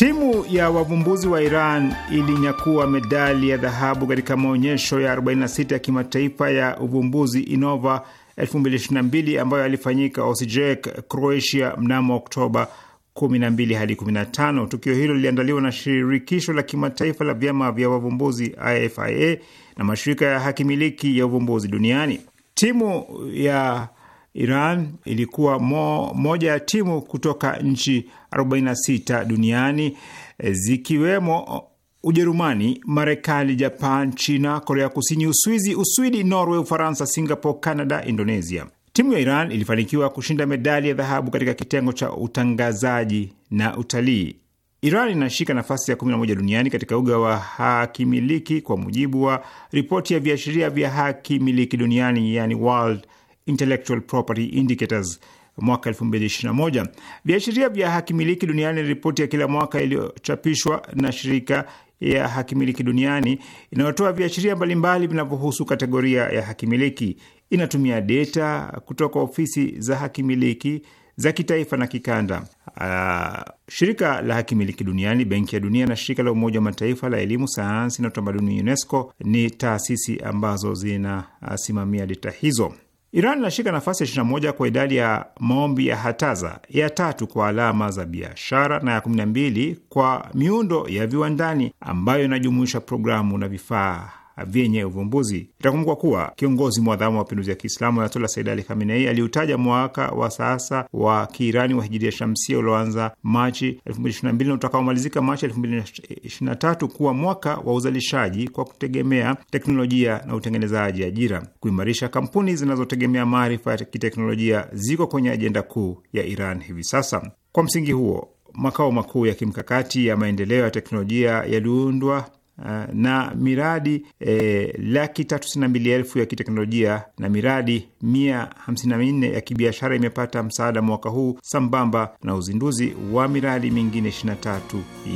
Timu ya wavumbuzi wa Iran ilinyakua medali ya dhahabu katika maonyesho ya 46 ya kimataifa ya uvumbuzi inova 2022 ambayo alifanyika Osijek, Croatia mnamo Oktoba 12 hadi 15. Tukio hilo liliandaliwa na shirikisho la kimataifa la vyama vya wavumbuzi IFIA na mashirika ya haki miliki ya uvumbuzi duniani. Timu ya Iran ilikuwa mo, moja ya timu kutoka nchi 46 duniani e, zikiwemo Ujerumani, Marekani, Japan, China, Korea Kusini, Uswizi, Uswidi, Norway, Ufaransa, Singapore, Canada, Indonesia. Timu ya Iran ilifanikiwa kushinda medali ya dhahabu katika kitengo cha utangazaji na utalii. Iran inashika nafasi ya 11 duniani katika uga wa hakimiliki kwa mujibu wa ripoti ya viashiria vya haki miliki duniani, yani World Intellectual Property Indicators mwaka 2021. Viashiria vya hakimiliki duniani ni ripoti ya kila mwaka iliyochapishwa na shirika ya hakimiliki duniani inayotoa viashiria mbalimbali vinavyohusu kategoria ya hakimiliki. Inatumia data kutoka ofisi za hakimiliki za kitaifa na kikanda. Uh, shirika la hakimiliki duniani, Benki ya Dunia na shirika la Umoja wa Mataifa la elimu, sayansi na utamaduni UNESCO ni taasisi ambazo zinasimamia data hizo. Iran inashika nafasi ya 21 kwa idadi ya maombi ya hataza, ya tatu kwa alama za biashara na ya 12 kwa miundo ya viwandani ambayo inajumuisha programu na vifaa vyenye uvumbuzi. Itakumbukwa kuwa kiongozi mwadhamu wa mapinduzi ya Kiislamu Ayatola Said Ali Khamenei aliutaja mwaka wa sasa wa Kiirani wa hijiria shamsia ulioanza Machi 2022 na utakaomalizika Machi 2023 kuwa mwaka wa uzalishaji kwa kutegemea teknolojia na utengenezaji ajira. Kuimarisha kampuni zinazotegemea maarifa ya kiteknolojia ziko kwenye ajenda kuu ya Iran hivi sasa. Kwa msingi huo makao makuu ya kimkakati ya maendeleo ya teknolojia yaliundwa Eh, na miradi e, laki tatu sitini na mbili elfu ya kiteknolojia na miradi mia hamsini na minne ya kibiashara imepata msaada mwaka huu sambamba na uzinduzi wa miradi mingine 23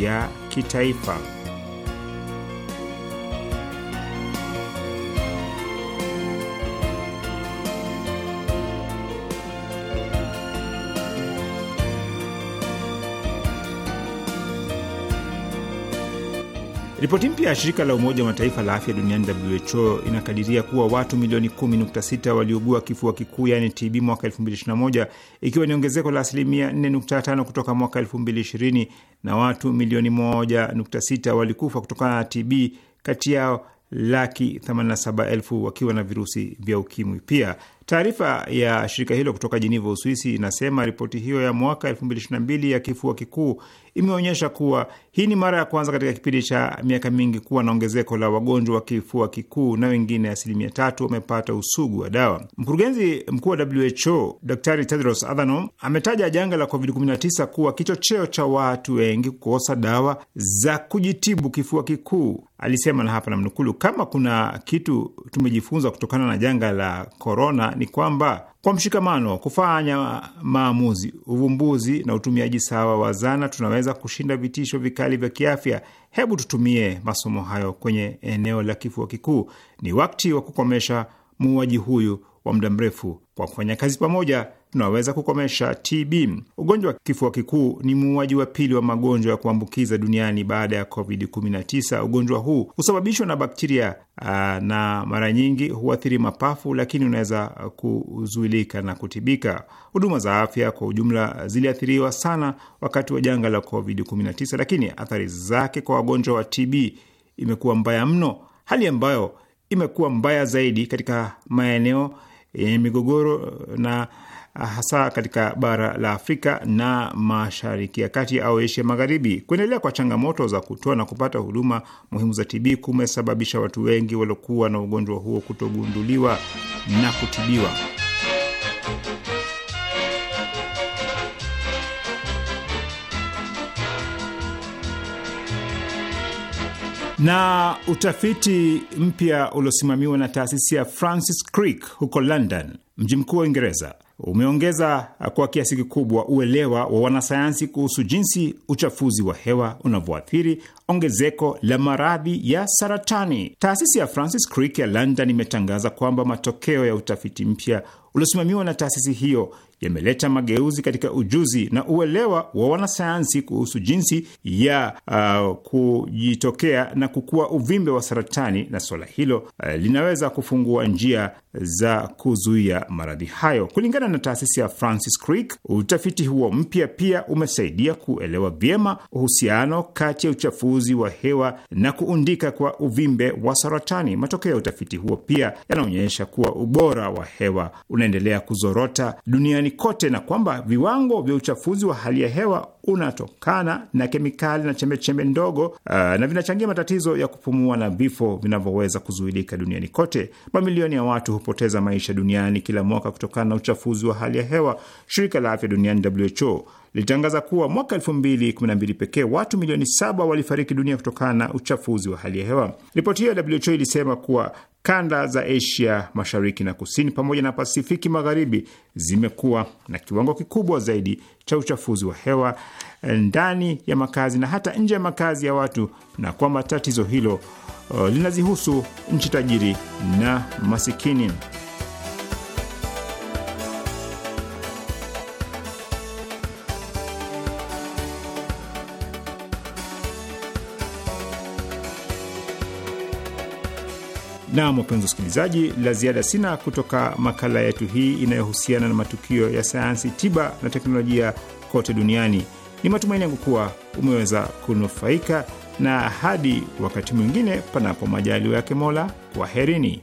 ya kitaifa. Ripoti mpya ya shirika la Umoja wa Mataifa la afya duniani WHO inakadiria kuwa watu milioni 10.6 waliugua kifua wa kikuu yaani TB mwaka 2021 ikiwa ni ongezeko la asilimia 4.5 kutoka mwaka 2020 na watu milioni 1.6 walikufa kutokana na TB, kati yao laki 87 wakiwa na virusi vya ukimwi. Pia taarifa ya shirika hilo kutoka Jiniva, Uswisi, inasema ripoti hiyo ya mwaka 2022 ya kifua kikuu imeonyesha kuwa hii ni mara ya kwanza katika kipindi cha miaka mingi kuwa na ongezeko la wagonjwa wa kifua kikuu na wengine asilimia tatu wamepata usugu wa dawa. Mkurugenzi mkuu wa WHO dri Tedros Adhanom ametaja janga la COVID-19 kuwa kichocheo cha watu wengi kukosa dawa za kujitibu kifua kikuu. Alisema na hapa namnukulu, kama kuna kitu tumejifunza kutokana na janga la korona ni kwamba kwa mshikamano, kufanya maamuzi, uvumbuzi na utumiaji sawa wa zana, tunaweza kushinda vitisho vikali vya kiafya. Hebu tutumie masomo hayo kwenye eneo la kifua kikuu. Ni wakati wa kukomesha muuaji huyu wa muda mrefu. Kwa kufanya kazi pamoja, tunaweza kukomesha TB. Ugonjwa wa kifua kikuu ni muuaji wa pili wa magonjwa ya kuambukiza duniani baada ya COVID-19. Ugonjwa huu husababishwa na bakteria na mara nyingi huathiri mapafu, lakini unaweza kuzuilika na kutibika. Huduma za afya kwa ujumla ziliathiriwa sana wakati wa janga la COVID-19, lakini athari zake kwa wagonjwa wa TB imekuwa mbaya mno, hali ambayo imekuwa mbaya zaidi katika maeneo yenye migogoro na Ah, hasa katika bara la Afrika na mashariki ya kati au Asia Magharibi. Kuendelea kwa changamoto za kutoa na kupata huduma muhimu za TB kumesababisha watu wengi waliokuwa na ugonjwa huo kutogunduliwa na kutibiwa. na utafiti mpya uliosimamiwa na taasisi ya Francis Crick huko London, mji mkuu wa Uingereza, umeongeza kwa kiasi kikubwa uelewa wa wanasayansi kuhusu jinsi uchafuzi wa hewa unavyoathiri ongezeko la maradhi ya saratani. Taasisi ya Francis Crick ya London imetangaza kwamba matokeo ya utafiti mpya uliosimamiwa na taasisi hiyo yameleta mageuzi katika ujuzi na uelewa wa wanasayansi kuhusu jinsi ya uh, kujitokea na kukua uvimbe wa saratani, na suala hilo uh, linaweza kufungua njia za kuzuia maradhi hayo. Kulingana na taasisi ya Francis Crick, utafiti huo mpya pia umesaidia kuelewa vyema uhusiano kati ya uchafuzi wa hewa na kuundika kwa uvimbe wa saratani. Matokeo ya utafiti huo pia yanaonyesha kuwa ubora wa hewa unaendelea kuzorota duniani kote na kwamba viwango vya uchafuzi wa hali ya hewa unatokana na kemikali na chembechembe ndogo uh, na vinachangia matatizo ya kupumua na vifo vinavyoweza kuzuilika duniani kote. Mamilioni ya watu hupoteza maisha duniani kila mwaka kutokana na uchafuzi wa hali ya hewa. Shirika la Afya Duniani WHO lilitangaza kuwa mwaka elfu mbili kumi na mbili pekee watu milioni saba walifariki dunia kutokana na uchafuzi wa hali ya hewa. Ripoti hiyo ya WHO ilisema kuwa kanda za Asia mashariki na kusini pamoja na Pasifiki magharibi zimekuwa na kiwango kikubwa zaidi cha uchafuzi wa hewa eh, ndani ya makazi na hata nje ya makazi ya watu, na kwamba tatizo hilo uh, linazihusu nchi tajiri na masikini. Na wapenzi wasikilizaji, la ziada sina kutoka makala yetu hii inayohusiana na matukio ya sayansi, tiba na teknolojia kote duniani. Ni matumaini yangu kuwa umeweza kunufaika, na hadi wakati mwingine, panapo majaliwa yake Mola, kwaherini.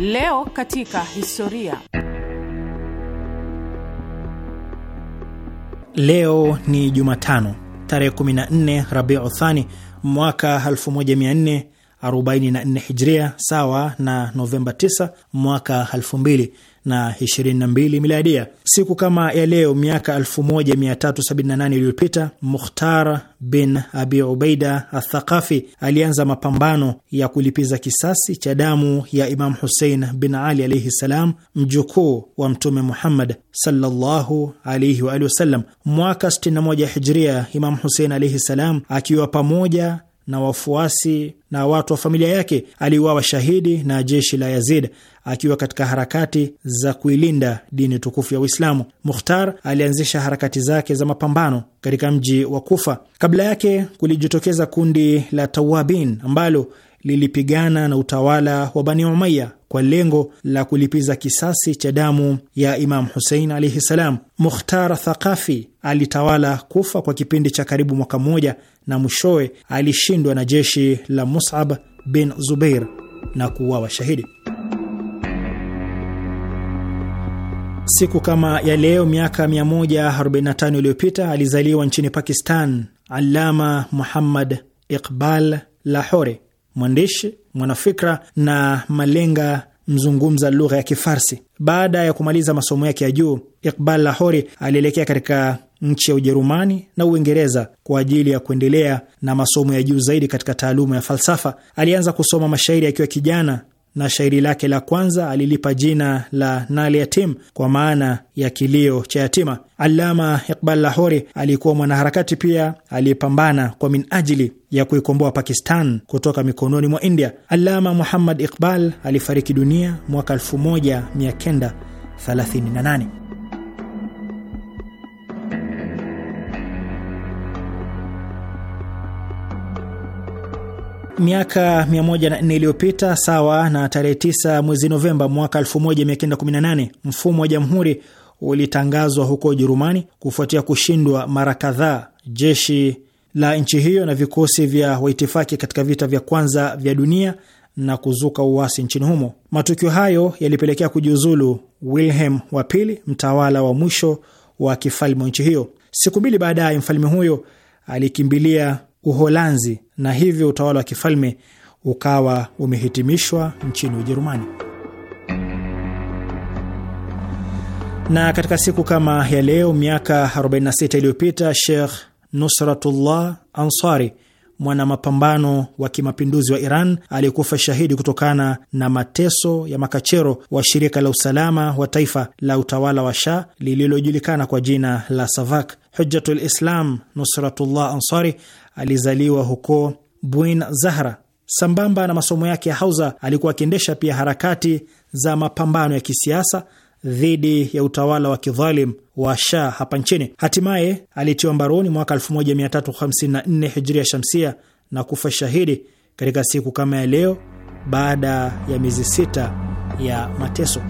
Leo katika historia. Leo ni Jumatano tarehe 14 Rabiu Thani mwaka 44 hijria sawa na Novemba 9 mwaka 2022 miladia. Siku kama ya leo miaka 1378 iliyopita, Mukhtar bin Abi Ubaida Athaqafi alianza mapambano ya kulipiza kisasi cha damu ya Imam husein bin Ali alaihi salam, mjukuu wa Mtume Muhammad sallallahu alaihi wasallam. Mwaka 61 hijria, Imam husein alaihi ssalam akiwa pamoja na wafuasi na watu wa familia yake, aliuawa shahidi na jeshi la Yazid akiwa katika harakati za kuilinda dini tukufu ya Uislamu. Mukhtar alianzisha harakati zake za mapambano katika mji wa Kufa. Kabla yake kulijitokeza kundi la Tawabin ambalo lilipigana na utawala wa Bani Umaya kwa lengo la kulipiza kisasi cha damu ya Imam Husein alaihi salam. Mukhtar Thaqafi alitawala Kufa kwa kipindi cha karibu mwaka mmoja, na mwishowe alishindwa na jeshi la Mus'ab bin Zubair na kuuawa shahidi. Siku kama ya leo miaka 145 iliyopita alizaliwa nchini Pakistan Allama Muhammad Iqbal Lahore, mwandishi mwanafikra na malenga mzungumza lugha ya Kifarsi. Baada ya kumaliza masomo yake ya juu, Iqbal Lahori alielekea katika nchi ya Ujerumani na Uingereza kwa ajili ya kuendelea na masomo ya juu zaidi katika taaluma ya falsafa. Alianza kusoma mashairi akiwa kijana na shairi lake la kwanza alilipa jina la Nali Yatim kwa maana ya kilio cha yatima. Allama Iqbal Lahori alikuwa mwanaharakati pia aliyepambana kwa minajili ya kuikomboa Pakistan kutoka mikononi mwa India. Allama Muhammad Iqbal alifariki dunia mwaka 1938. miaka 104 iliyopita, sawa na tarehe 9 mwezi Novemba mwaka 1918, mfumo wa jamhuri ulitangazwa huko Ujerumani kufuatia kushindwa mara kadhaa jeshi la nchi hiyo na vikosi vya waitifaki katika vita vya kwanza vya dunia na kuzuka uasi nchini humo. Matukio hayo yalipelekea kujiuzulu Wilhelm wa pili, mtawala wa mwisho wa kifalme wa nchi hiyo. Siku mbili baadaye, mfalme huyo alikimbilia Uholanzi, na hivyo utawala wa kifalme ukawa umehitimishwa nchini Ujerumani. Na katika siku kama ya leo miaka 46 iliyopita Sheikh Nusratullah Ansari mwana mapambano wa kimapinduzi wa Iran aliyekufa shahidi kutokana na mateso ya makachero wa shirika la usalama wa taifa la utawala wa Shah lililojulikana kwa jina la SAVAK. Hujjatul Islam Nusratullah Ansari alizaliwa huko Buin Zahra. Sambamba na masomo yake ya hauza, alikuwa akiendesha pia harakati za mapambano ya kisiasa dhidi ya utawala wa kidhalim wa Shah hapa nchini. Hatimaye alitiwa mbaroni mwaka 1354 hijria shamsia na kufa shahidi katika siku kama ya leo baada ya miezi sita ya mateso.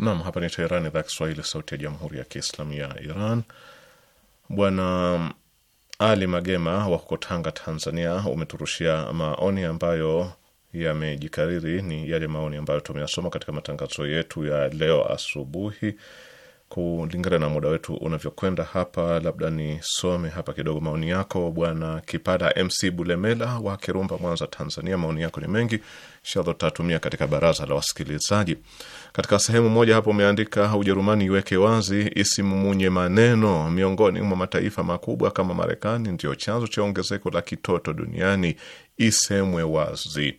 Naam, hapa ni Teherani, idhaa Kiswahili, sauti ya jamhuri ya kiislamu ya Iran. Bwana Ali Magema wa huko Tanga, Tanzania, umeturushia maoni ambayo yamejikariri, ni yale maoni ambayo tumeyasoma katika matangazo yetu ya leo asubuhi kulingana na muda wetu unavyokwenda hapa, labda nisome hapa kidogo maoni yako. Bwana Kipada MC Bulemela wa Kirumba, Mwanza, Tanzania, maoni yako ni mengi, inshallah tatumia katika baraza la wasikilizaji. Katika sehemu moja hapo umeandika Ujerumani iweke wazi isimumunye maneno miongoni mwa mataifa makubwa kama Marekani ndiyo chanzo cha ongezeko la kitoto duniani, isemwe wazi.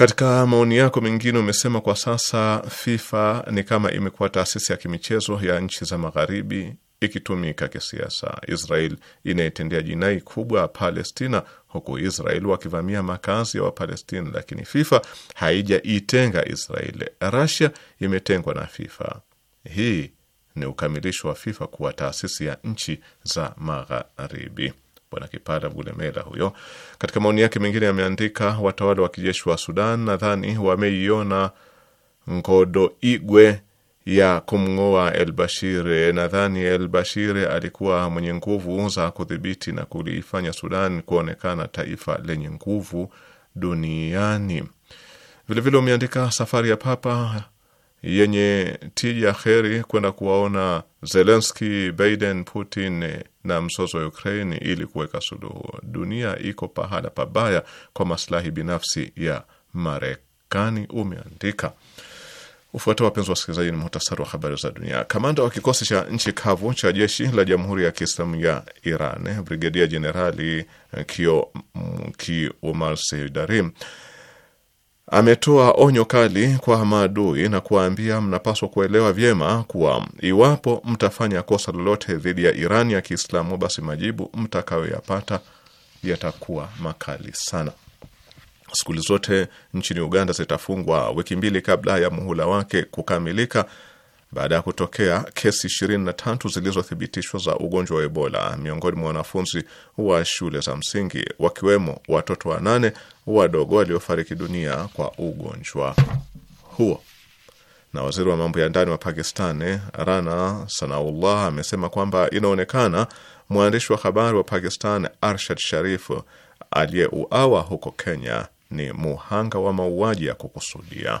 Katika maoni yako mengine umesema kwa sasa FIFA ni kama imekuwa taasisi ya kimichezo ya nchi za magharibi ikitumika kisiasa. Israel inaitendea jinai kubwa ya Palestina, huku Israel wakivamia makazi ya Wapalestina, lakini FIFA haijaitenga Israel. Russia imetengwa na FIFA. Hii ni ukamilisho wa FIFA kuwa taasisi ya nchi za magharibi. Bwana Kipala Bulemela huyo katika maoni yake mengine ameandika, watawala wa kijeshi wa Sudan nadhani wameiona ngodo igwe ya kumng'oa El Bashir. Nadhani El Bashir alikuwa mwenye nguvu za kudhibiti na kuliifanya Sudan kuonekana taifa lenye nguvu duniani. Vilevile umeandika safari ya Papa yenye tija heri kwenda kuwaona Zelenski, Biden, Putin na mzozo wa Ukraini ili kuweka suluhu. Dunia iko pahala pabaya kwa maslahi binafsi ya Marekani, umeandika. Ufuatao, wapenzi wasikilizaji, ni muhtasari wa habari za dunia. Kamanda wa kikosi cha nchi kavu cha jeshi la Jamhuri ya Kiislamu ya Iran, Brigedia Jenerali Kiomarse Darim ametoa onyo kali kwa maadui na kuwaambia mnapaswa kuelewa vyema kuwa iwapo mtafanya kosa lolote dhidi ya Iran ya Kiislamu, basi majibu mtakayoyapata yatakuwa makali sana. Skuli zote nchini Uganda zitafungwa wiki mbili kabla ya muhula wake kukamilika baada ya kutokea kesi 23 zilizothibitishwa za ugonjwa wa Ebola miongoni mwa wanafunzi wa shule za msingi wakiwemo watoto wanane wadogo waliofariki dunia kwa ugonjwa huo. Na waziri wa mambo ya ndani wa Pakistani Rana Sanaullah amesema kwamba inaonekana mwandishi wa habari wa Pakistan Arshad Sharif aliyeuawa huko Kenya ni muhanga wa mauaji ya kukusudia.